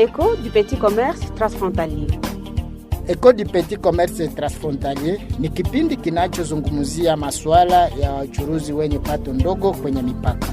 Écho du petit commerce transfrontalier. Eko di Petit Commerce Transfrontalier ni kipindi kinachozungumzia masuala ya wachuruzi wenye pato ndogo kwenye mipaka.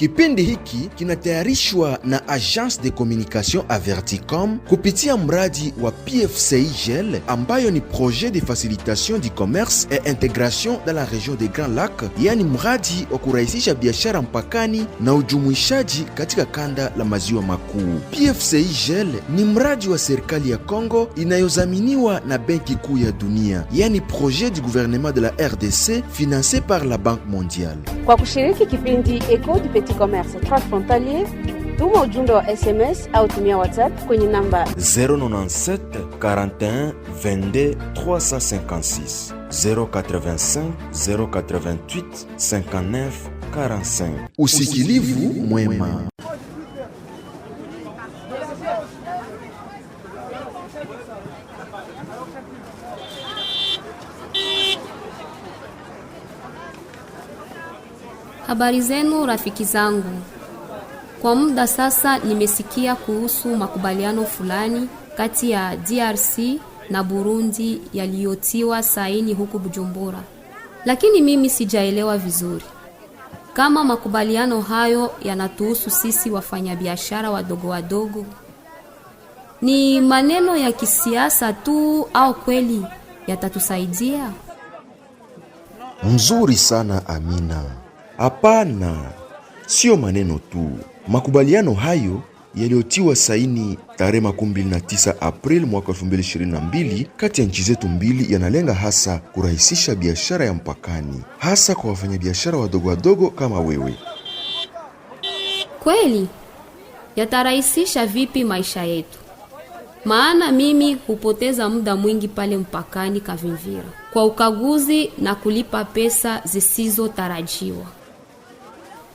Kipindi hiki kinatayarishwa na Agence de Communication Averticom kupitia mradi wa PFCIGL GEL ambayo ni Projet de Facilitation du Commerce et Intégration dans la Région des Grands Lacs, yaani mradi wa kurahisisha biashara mpakani na ujumuishaji katika kanda la maziwa makuu. PFCIGL ni mradi wa serikali ya Kongo inayozaminiwa na Benki Kuu ya Dunia, yaani projet du gouvernement de la RDC financé par la Banque Mondiale. Kwa kushiriki kipindi Eco du Petit Commerce Transfrontalier. Tuma ujumbe wa SMS au tumia WhatsApp kwenye namba 097 41 22 356 085 088 59 45. Usikilivu mwema. Habari zenu rafiki zangu. Kwa muda sasa nimesikia kuhusu makubaliano fulani kati ya DRC na Burundi yaliyotiwa saini huku Bujumbura. Lakini mimi sijaelewa vizuri. Kama makubaliano hayo yanatuhusu sisi wafanyabiashara wadogo wadogo, ni maneno ya kisiasa tu au kweli yatatusaidia? Mzuri sana Amina. Hapana, siyo maneno tu. Makubaliano hayo yaliyotiwa saini tarehe 29 Aprili mwaka 2022 kati ya nchi zetu mbili yanalenga hasa kurahisisha biashara ya mpakani, hasa kwa wafanyabiashara wadogo wadogo kama wewe. Kweli yatarahisisha vipi maisha yetu? Maana mimi hupoteza muda mwingi pale mpakani Kavimvira kwa ukaguzi na kulipa pesa zisizotarajiwa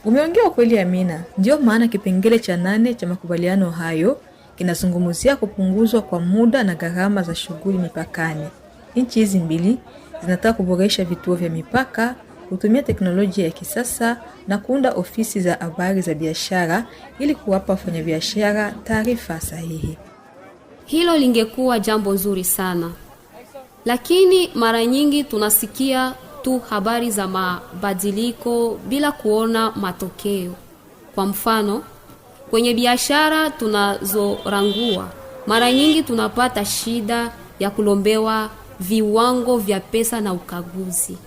umeongea kweli Amina. Ndiyo maana kipengele cha nane cha makubaliano hayo kinazungumzia kupunguzwa kwa muda na gharama za shughuli mipakani. Nchi hizi mbili zinataka kuboresha vituo vya mipaka, kutumia teknolojia ya kisasa na kuunda ofisi za habari za biashara ili kuwapa wafanyabiashara taarifa sahihi. Hilo lingekuwa jambo zuri sana, lakini mara nyingi tunasikia tu habari za mabadiliko bila kuona matokeo. Kwa mfano, kwenye biashara tunazorangua, mara nyingi tunapata shida ya kulombewa viwango vya pesa na ukaguzi.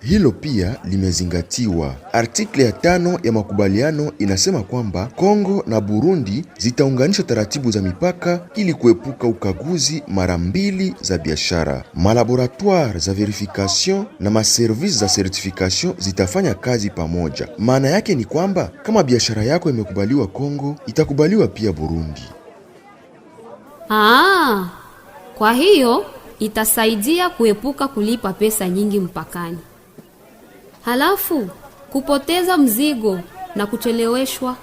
Hilo pia limezingatiwa. Artikli ya tano ya makubaliano inasema kwamba Kongo na Burundi zitaunganisha taratibu za mipaka ili kuepuka ukaguzi mara mbili za biashara. Malaboratoire za verification na maservice za certification zitafanya kazi pamoja. Maana yake ni kwamba kama biashara yako imekubaliwa Kongo, itakubaliwa pia Burundi. Aa, ah, kwa hiyo itasaidia kuepuka kulipa pesa nyingi mpakani halafu kupoteza mzigo na kucheleweshwa.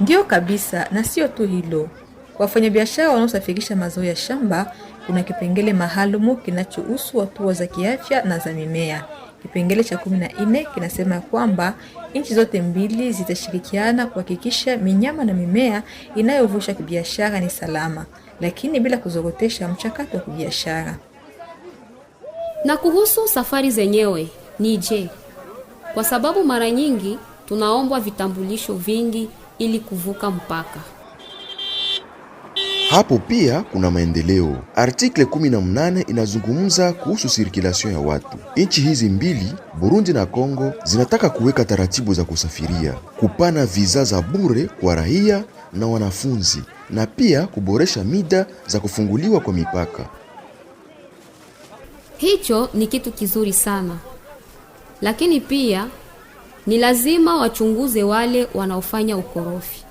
Ndiyo kabisa, na sio tu hilo. Kwa wafanyabiashara wanaosafirisha mazao ya shamba, kuna kipengele maalumu kinachohusu hatua za kiafya na za mimea. Kipengele cha kumi na nne kinasema kwamba nchi zote mbili zitashirikiana kuhakikisha minyama na mimea inayovusha kibiashara ni salama, lakini bila kuzorotesha mchakato wa kibiashara. Na kuhusu safari zenyewe ni je? Kwa sababu mara nyingi tunaombwa vitambulisho vingi ili kuvuka mpaka. Hapo pia kuna maendeleo. Artikle 18 inazungumza kuhusu sirkulasyon ya watu. Nchi hizi mbili, Burundi na Kongo, zinataka kuweka taratibu za kusafiria, kupana viza za bure kwa raia na wanafunzi, na pia kuboresha mida za kufunguliwa kwa mipaka. Hicho ni kitu kizuri sana, lakini pia ni lazima wachunguze wale wanaofanya ukorofi,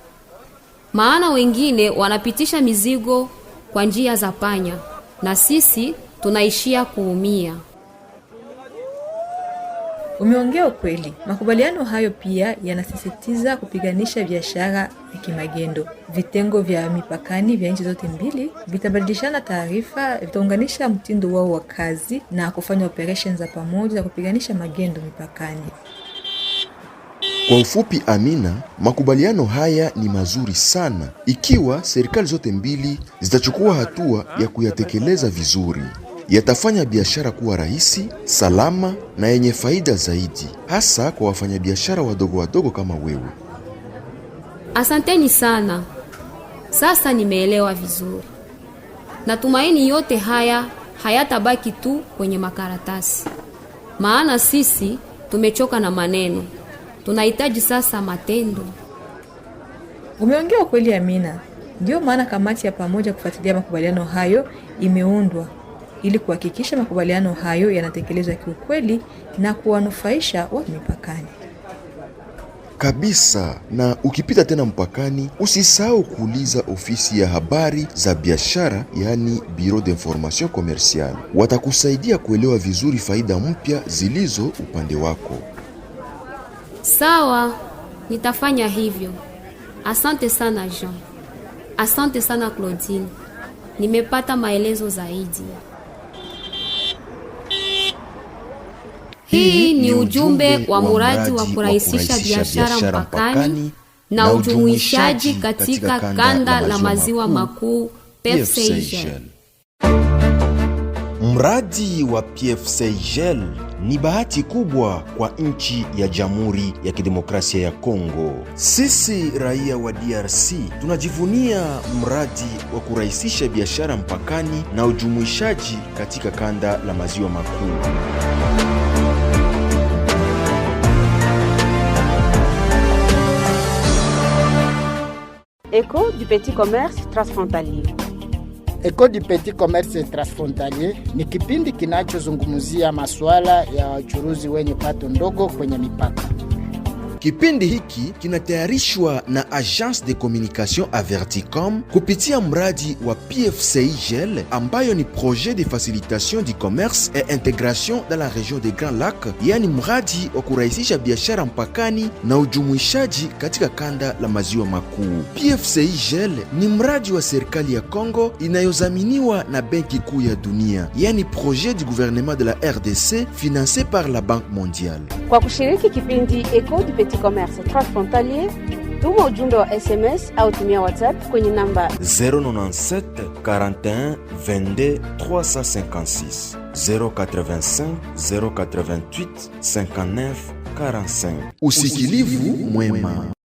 maana wengine wanapitisha mizigo kwa njia za panya na sisi tunaishia kuumia. Umeongea ukweli. Makubaliano hayo pia yanasisitiza kupiganisha biashara ya kimagendo. Vitengo vya mipakani vya nchi zote mbili vitabadilishana taarifa, vitaunganisha mtindo wao wa kazi na kufanya operesheni za pamoja za kupiganisha magendo mipakani. Kwa ufupi, Amina, makubaliano haya ni mazuri sana ikiwa serikali zote mbili zitachukua hatua ya kuyatekeleza vizuri yatafanya biashara kuwa rahisi, salama na yenye faida zaidi, hasa kwa wafanyabiashara wadogo wadogo kama wewe. Asanteni sana. Sasa nimeelewa vizuri. Natumaini yote haya hayatabaki tu kwenye makaratasi, maana sisi tumechoka na maneno, tunahitaji sasa matendo. Umeongea kweli, Amina. Ndiyo maana kamati ya pamoja kufuatilia makubaliano hayo imeundwa ili kuhakikisha makubaliano hayo yanatekelezwa kiukweli na kuwanufaisha watu mipakani kabisa. Na ukipita tena mpakani, usisahau kuuliza ofisi ya habari za biashara, yaani Bureau d'information commerciale. Watakusaidia kuelewa vizuri faida mpya zilizo upande wako. Sawa, nitafanya hivyo. Asante sana Jean. Asante sana Claudine. Nimepata maelezo zaidi. Hii ni ujumbe wa muradi wa kurahisisha biashara mpakani na ujumuishaji katika kanda la maziwa makuu PF Mradi wa PF ni bahati kubwa kwa nchi ya Jamhuri ya Kidemokrasia ya Kongo. Sisi raia wa DRC tunajivunia mradi wa kurahisisha biashara mpakani na ujumuishaji katika kanda la maziwa makuu. Écho du petit commerce transfrontalier. Eko du petit commerce transfrontalier ni kipindi kinachozungumzia masuala ya wachuruzi wenye pato ndogo kwenye mipaka. Kipindi hiki kinatayarishwa na Agence de Communication Averticom kupitia mradi wa PFCIGL ambayo ni Projet de Facilitation du Commerce et Integration dans la Region des Grands Lacs, yaani mradi wa kurahisisha biashara mpakani na ujumuishaji katika kanda la maziwa makuu. PFCIGL ni mradi wa serikali ya congo inayozaminiwa na Benki Kuu ya Dunia, yaani Projet du Gouvernement de la RDC financé par la Banque Mondiale. Kwa kushiriki kipindi Eco du commerce transfrontalier, tuma ujumbe SMS au WhatsApp 097 41 22 356 085 088 59 45. Usikilivu mwema.